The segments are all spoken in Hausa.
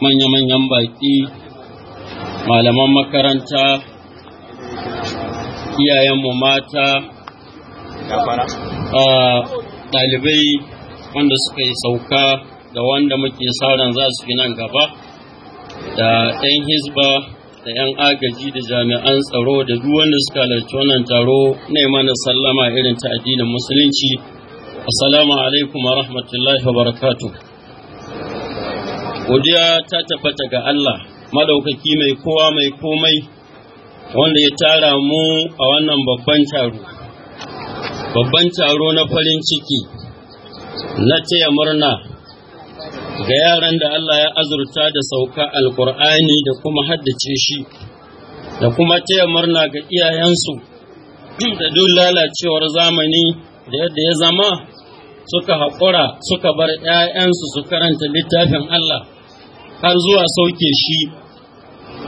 manya-manyan baƙi malaman makaranta iyayen mu mata ɗalibai wanda suka yi sauka da wanda muke sauran za su fi nan gaba da 'yan hisba da 'yan agaji da jami'an tsaro da duk wanda suka halarci wannan taro na mana sallama irin ta addinin musulunci assalamu alaikum wa rahmatullahi wa barakatuh godiya ta tafata ga Allah madaukaki mai kowa mai komai wanda ya tara mu a wannan babban taro babban taro na farin ciki na taya murna ga yaran da Allah ya azurta da sauka alkur'ani da kuma haddace shi da kuma taya murna ga iyayensu da duk lalacewar zamani da yadda ya zama suka haƙura suka bar ‘ya'yansu su karanta littafin Allah har zuwa sauke shi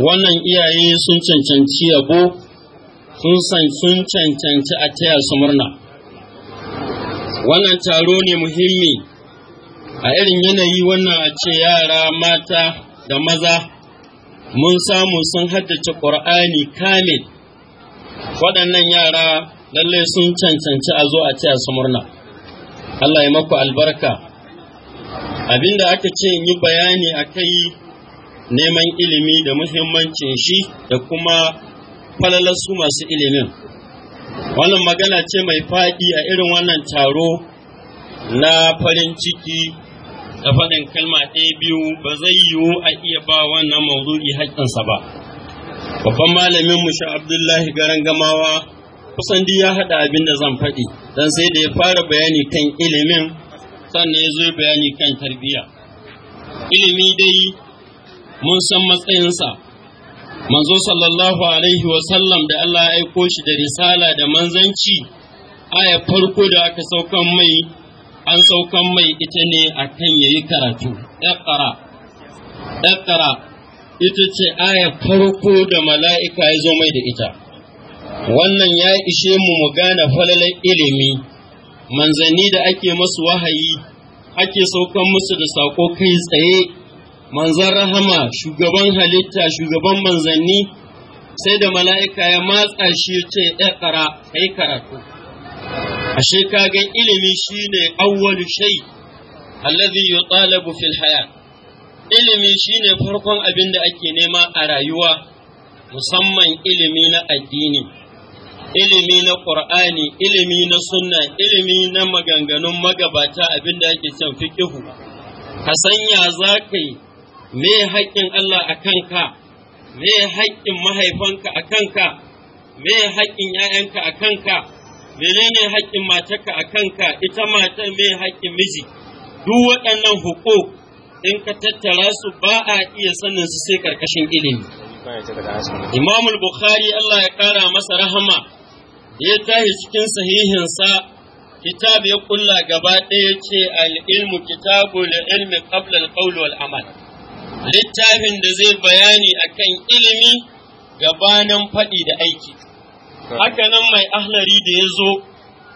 wannan iyaye sun cancanci yabo sun cancanci a taya su murna wannan taro ne muhimmi a irin yanayi wannan a ce yara mata da maza mun samu sun haddace ƙur'ani kamil waɗannan yara lallai sun cancanci a zo a taya su murna Allah ya maku albarka Abin da aka ce in yi bayani a kai neman ilimi da muhimmancin shi da kuma falalarsu masu ilimin wannan magana ce mai faɗi a irin wannan taro na farin ciki da faɗin kalma ɗaya biyu ba zai yiwu a iya ba wannan maudu'i haƙƙinsa ba babban malamin mu sha abdullahi garan gamawa kusan duk ya haɗa abin da zan faɗi don sai da ya fara bayani kan ilimin sannan ya zo bayani kan tarbiyya ilimi dai mun san matsayinsa manzo sallallahu alaihi wasallam da Allah ya aiko shi da risala da manzanci aya farko da aka saukan mai an saukan mai ita ne akan yayi karatu iqra iqra ita ce aya farko da mala'ika ya zo mai da ita wannan ya ishe mu mu gane falalar ilimi manzanni da ake masu wahayi ake saukan musu da sako kai tsaye manzan rahama shugaban halitta shugaban manzanni sai da mala'ika ya matsa shi ya ce eh, kai karatu ashe shekagen ilimi shi shine awwalu Shai, allazi yutalabu fil haya ilimi shi ne farkon abin da ake nema a rayuwa musamman ilimi na addini ilimi na ƙur'ani ilimi na sunna ilimi na maganganun magabata abinda ake can fikihu ka sanya za ka yi me haƙƙin Allah a kanka me haƙƙin mahaifanka a kanka me haƙƙin ‘ya'yanka a kanka menene haƙƙin matarka a kanka ita matar me haƙƙin miji duk waɗannan hukuk in ka tattara su ba a iya sanin su sai ƙarƙashin ilimi imamul bukhari Allah ya ƙara masa rahama ya tashi cikin sahihinsa kitab ya kulla gaba ɗaya ce al’ilmu kitabu kitabu ilmi ƙablar al amal littafin da zai bayani a kan ilimi gabanin faɗi da aiki haka nan mai ahlari da ya zo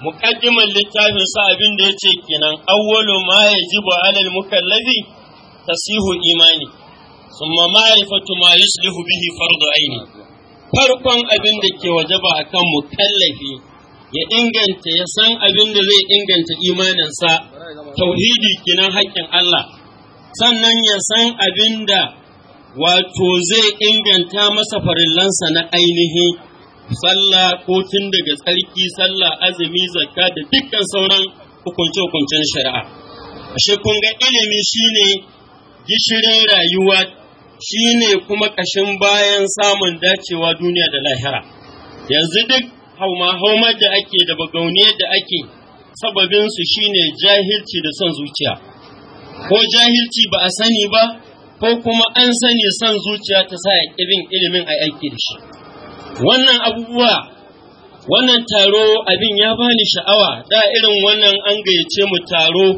muqaddiman littafin sa abin da ya ce kenan awwalu ma ya ji ba alal mukallafi tasihu imani thumma ma'rifatu ma yuslihu bihi fardu aini farkon abin da ke waje ba a kan mukallafi ya inganta ya san abin da zai inganta imaninsa tauhidi kinan haƙƙin Allah sannan ya san abin da wato zai inganta masa farillansa na ainihi sallah ko tun daga tsarki sallah azumi zakka da dukkan sauran hukunce-hukuncen shari'a ashe kun ilimi shine gishirin rayuwa shi ne kuma ƙashin bayan samun dacewa duniya da lahira. Yanzu duk hauma hauma da ake da bagauniyar da ake sababinsu shi ne jahilci da son zuciya. Ko jahilci ba a sani ba, ko kuma an sani son zuciya ta sa ƙirin ilimin a aiki da shi. Wannan abubuwa, wannan taro abin ya bani sha'awa, da irin wannan an gayyace mu taro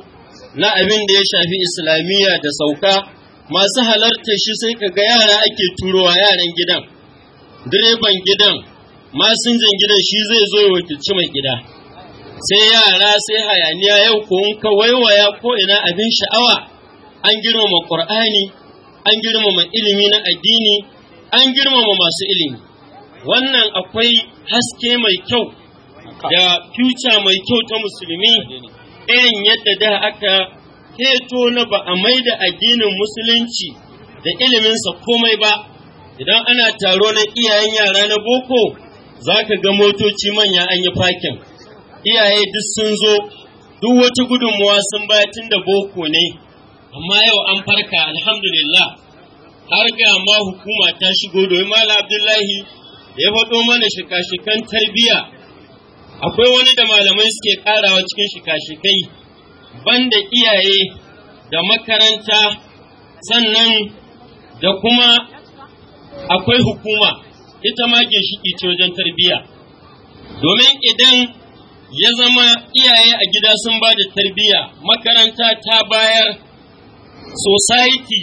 na abin da ya shafi islamiyya da sauka. masu halarta shi sai ka ga yara ake turowa yaran gidan direban gidan masinjan gidan shi zai zo ya wakilci mai gida sai yara sai hayaniya yau ko in ka waiwaya ko ina abin sha'awa an girmama qur'ani an girmama ilimi na addini an girmama masu ilimi wannan akwai haske mai kyau da future mai kyau ta musulmi irin yadda da aka keto na ba a mai da addinin musulunci da iliminsa komai ba, idan ana taro na iyayen yara na boko za ka ga motoci manya an yi fakin, iyaye duk sun zo, duk wata gudunmuwa sun bayatin da boko ne, amma yau an farka alhamdulillah har ga ma hukuma ta shigo domin Malam Abdullahi da ya faɗo mana shika-shikan tarbiyya. Akwai wani da malamai suke ƙarawa cikin shika-shikai. banda iyaye da makaranta sannan da kuma akwai hukuma ita ma ginshiki ce wajen tarbiyya domin idan ya zama iyaye a gida sun ba da tarbiyya makaranta ta bayar society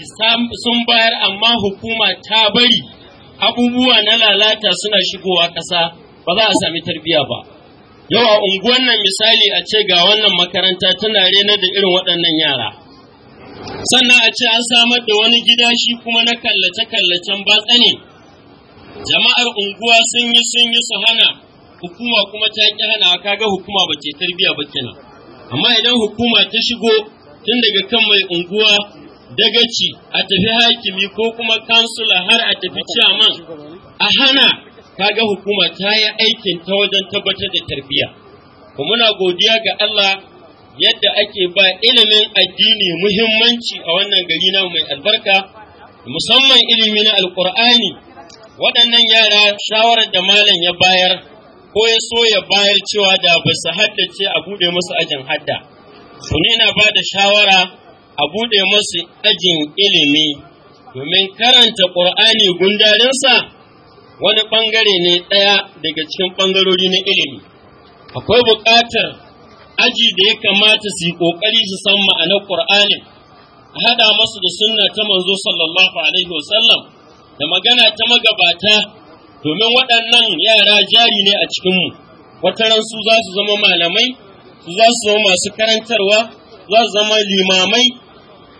sun bayar amma hukuma ta bari abubuwa na lalata suna shigowa ƙasa ba za a sami tarbiyya ba Yau a unguwan nan misali a ce ga wannan makaranta tana rena da irin waɗannan yara. Sannan a ce an samar da wani gida shi kuma na kallace-kallacen batsa ne. Jama'ar unguwa sun yi sun yi su hana, hukuma kuma ta ƙi hana kaga hukuma ba ce tarbiya ba kenan. Amma idan hukuma ta shigo tun daga kan mai unguwa dagaci a tafi hakimi ko kuma kansula har a tafi ciyaman a hana kaga hukuma ta yi aikin ta wajen tabbatar da tarbiyya kuma muna godiya ga Allah yadda ake ba ilimin addini muhimmanci a wannan gari na mai albarka musamman ilimi na alkur'ani waɗannan yara shawarar da malam ya bayar ko ya so ya bayar cewa da ba su haddace a buɗe musu ajin hadda su ne na ba da shawara a buɗe musu ajin ilimi domin karanta ƙur'ani gundarinsa wani ɓangare ne ɗaya daga cikin ɓangarori na ilimi. Akwai buƙatar aji da ya kamata su yi ƙoƙari su san ma'anar Ƙur'anin, a haɗa masu da sunna ta manzo sallallahu alaihi wasallam da magana ta magabata domin waɗannan yara jari ne a cikinmu. Wataran su za su zama malamai, su za su zama masu karantarwa, za su zama limamai,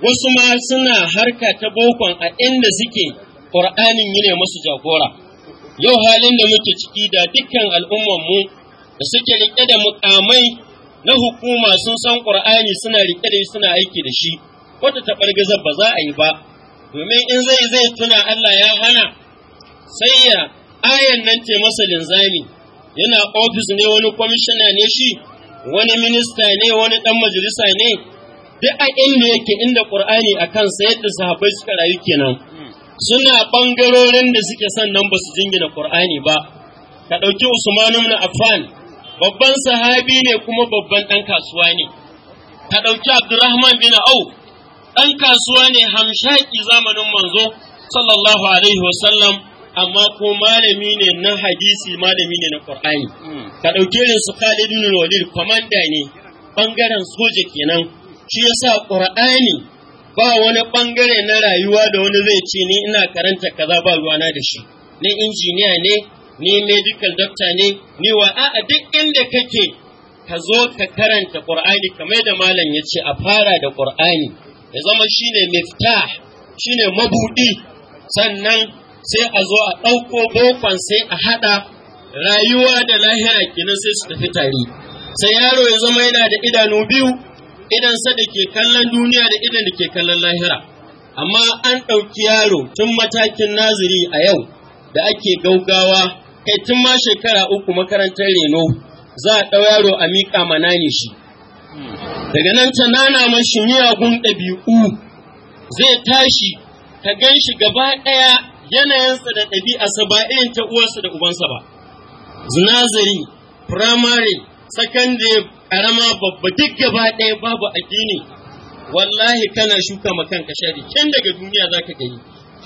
wasu ma suna harka ta bokon a inda suke Ƙur'anin yi ne masu jagora. yau halin da muke ciki da dukkan mu da suke riƙe da mukamai na hukuma sun san ƙur'ani suna riƙe da suna aiki da shi wata taɓargazar ba za a yi ba domin in zai zai tuna Allah ya hana sai ya ayan nan ce masa linzami yana ofis ne wani kwamishina ne shi wani minista ne wani ɗan majalisa ne duk a inda yake inda ƙur'ani a kansa yadda sahabbai suka rayu kenan. suna ɓangarorin da suke sannan ba su jingina Ƙur'ani ba, ka ɗauki Usman ibn Affan, babban sahabi ne kuma babban ɗan kasuwa ne, ka ɗauki Abdurrahman bin Au, ɗan kasuwa ne hamshaki zamanin manzo, sallallahu alaihi wasallam, amma ko malami ne na hadisi malami ne na Ƙur'ani. Hmm. Ka ɗauke ne su Khalid ibn Walid, kwamanda ne, ɓangaren soja kenan, shi yasa Ƙur'ani ba wani ɓangare na rayuwa da wani zai ce ni ina karanta kaza ba ruwana da shi ni injiniya ne ni medical doctor ne ni wa a'a duk inda kake ka zo ka karanta qur'ani kamar da malam ya ce a fara da qur'ani ya zama shine miftah shine mabudi sannan sai a zo a ɗauko bokon sai a haɗa rayuwa da lahira kinan sai su tafi tare sai yaro ya zama yana da idanu biyu idan sa da ke kallon duniya da idan da ke kallon lahira amma an ɗauki yaro tun matakin naziri a yau da ake gaugawa kai tun ma shekara uku makarantar reno za a ɗau yaro a miƙa manani shi daga nan ta nana mashi miyagun ɗabi'u zai tashi ka gan shi gaba ɗaya yanayinsa da ɗabi'arsa ba irin ta uwarsa da ubansa ba zinazari firamare sakandare karama babba duk gaba ɗaya babu addini wallahi kana shuka makan ka shari kin daga duniya zaka gani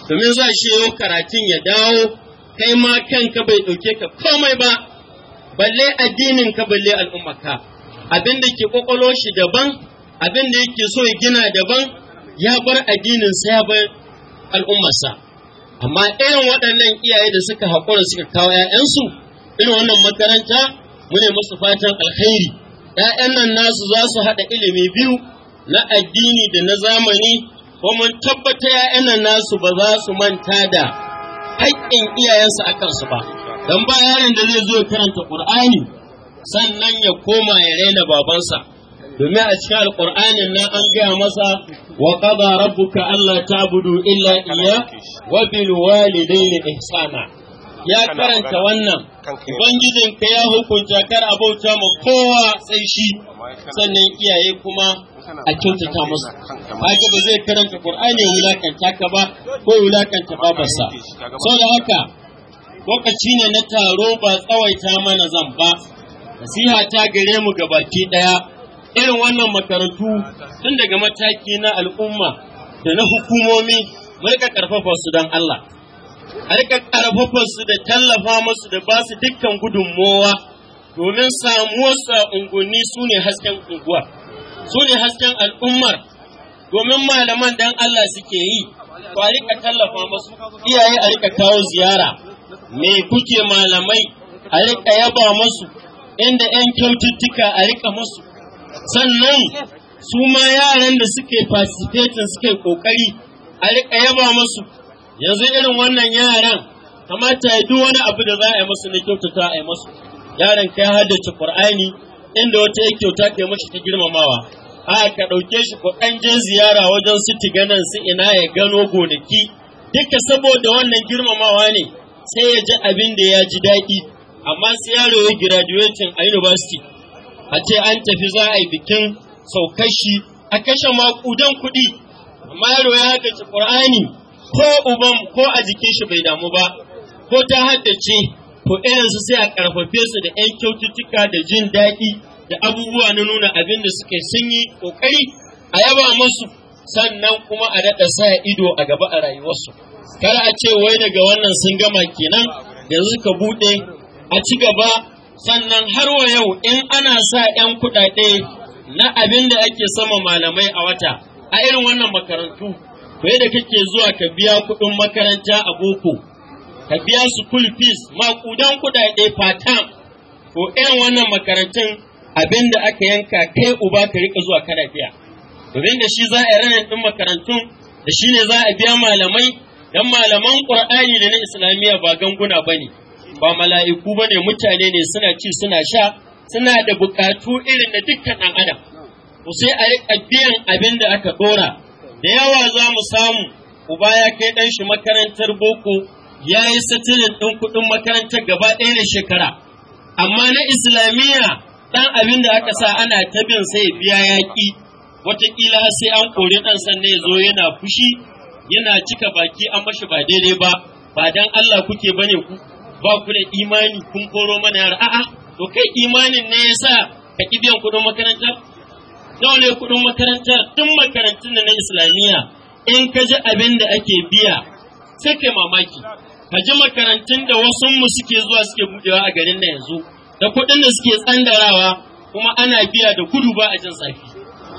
domin za shi yau karatun ya dawo kai ma kanka bai ɗauke ka komai ba balle addinin ka balle al'ummarka abin da ke kwakwalo shi daban abin da yake so ya gina daban ya bar addinin sa ya bar al'ummarsa amma irin waɗannan iyaye da suka haƙura suka kawo 'ya'yansu irin wannan makaranta mune ne musu fatan alkhairi ‘ya'yan nan nasu za su haɗa ilimi biyu na addini da na zamani, kuma tabbata ‘ya'yan nan nasu ba za su manta da haƙƙin iyayensu a kansu ba, don ba yaron da zai zo ya karanta ƙur'ani sannan ya koma ya raina babansa. Domin a cikin alƙur'anin na an gaya masa wa qada rabbuka allah ta budu illa iya wa bil walidayni ihsana. ya karanta wannan ubangijin ka ya hukunta kar a bauta ma kowa sai shi sannan iyaye kuma a kyautata musu haka ba zai karanta qur'ani ya wulakanta ka ba ko wulakanta babarsa saboda haka lokaci ne na taro ba tsawaita mana zan ba nasiha ta gare mu gabaki daya irin wannan makarantu tun daga mataki na al'umma da na hukumomi mulka karfafa su don Allah a rika da tallafa musu da ba su dukkan gudunmowa domin samuwarsu a unguwanni su ne hasken unguwa. su ne hasken al'ummar, domin malaman dan Allah suke yi, to a rika tallafa musu, iyaye a rika kawo ziyara, me kuke malamai a rika yaba musu, inda ‘yan kyaututtuka a rika musu, sannan su ma yaran da suke participating suke ƙoƙari a rika yaba musu. yanzu irin wannan yaran kamata ya duk wani abu da za a yi musu na kyautata a yi musu yaran ka ya haddace qur'ani inda wata ya kyauta ka mashi ta girmamawa a ka ɗauke shi ko ɗan je ziyara wajen su ganin su ina ya gano gonaki duka saboda wannan girmamawa ne sai ya ji abin da ya ji daɗi amma sai yaro ya graduating a university a ce an tafi za a yi bikin saukashi a kashe maƙudan kuɗi amma yaro ya haka ci ƙur'ani ko uban ko a jikin shi bai damu ba ko ta haddace ko irinsu sai a karfafe su da ‘yan kyaututtuka da jin daɗi da abubuwa na nuna abin da suke sun yi ƙoƙari a yaba masu sannan kuma a daɗa sa ido a gaba a rayuwarsu kar a ce wai daga wannan sun gama kenan yanzu ka buɗe a ci gaba sannan har wa yau in ana sa ‘yan kuɗaɗe na abin da ake sama malamai a wata a irin wannan makarantu kai da kake zuwa ka biya kuɗin makaranta a boko ka biya su full fees maƙudan kuɗaɗe fatan, ko irin wannan makarantun abinda aka yanka kai uba ka rika zuwa kana biya domin da shi za a ranar ɗin makarantun da shi ne za a biya malamai dan malaman ƙur'ani da na islamiyya ba ganguna ba ne ba mala'iku ba ne mutane ne suna ci suna sha suna da buƙatu irin da dukkan ɗan adam sai a biyan abin da aka ɗora da yawa za mu samu uba ya kai ɗan shi makarantar boko ya yi satilin ɗin kuɗin makarantar gaba ɗaya na shekara amma na islamiyya ɗan abin da aka sa ana ta bin sai biya yaƙi wataƙila sai an kori ɗan sannan ya zo yana fushi yana cika baki an mashi ba daidai ba ba dan Allah kuke bane ku ba ku da imani kun koro mana yara a'a to kai imanin ne yasa ka kibiyan biyan kuɗin makarantar nawa ne kuɗin makarantar tun makarantun da na islamiyya in ka ji abin da ake biya sai kai mamaki ka ji makarantun da wasu mu suke zuwa suke buɗewa a garin nan yanzu da kuɗin da suke tsandarawa kuma ana biya da gudu ba a jin tsafi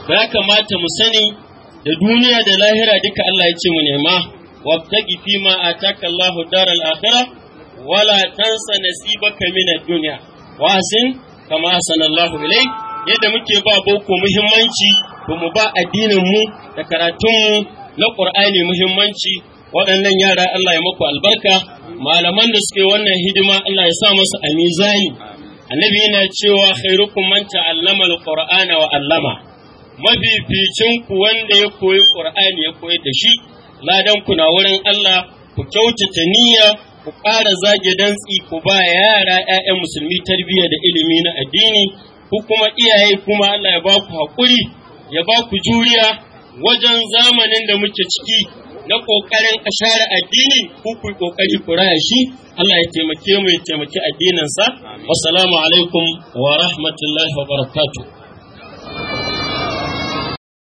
ba ya kamata mu sani da duniya da lahira duka Allah ya ce mu nema wabtagi fi ma ataka Allah daral akhirah wala tansa nasibaka min ad-dunya wa kama sanallahu ilayk yadda muke ba boko muhimmanci ba mu ba addininmu da karatunmu na ƙur'ani muhimmanci waɗannan yara Allah ya maku albarka malaman da suke wannan hidima Allah ya sa masu a mizani annabi yana cewa khairukum man ta'allama alqur'ana wa 'allama mafificin ku wanda ya koyi qur'ani ya koyar da shi ladan ku na wurin Allah ku kyautata niyya ku ƙara zage dantsi ku ba yara 'ya'yan musulmi tarbiyya da ilimi na addini ku kuma iyaye kuma Allah ya ba ku haƙuri ya ba ku juriya wajen zamanin da muke ciki na ƙoƙarin a addini ku ku ƙoƙari ku raya shi Allah ya taimake mu ya taimaki addininsa wassalamu alaikum wa rahmatullahi wa barakatuh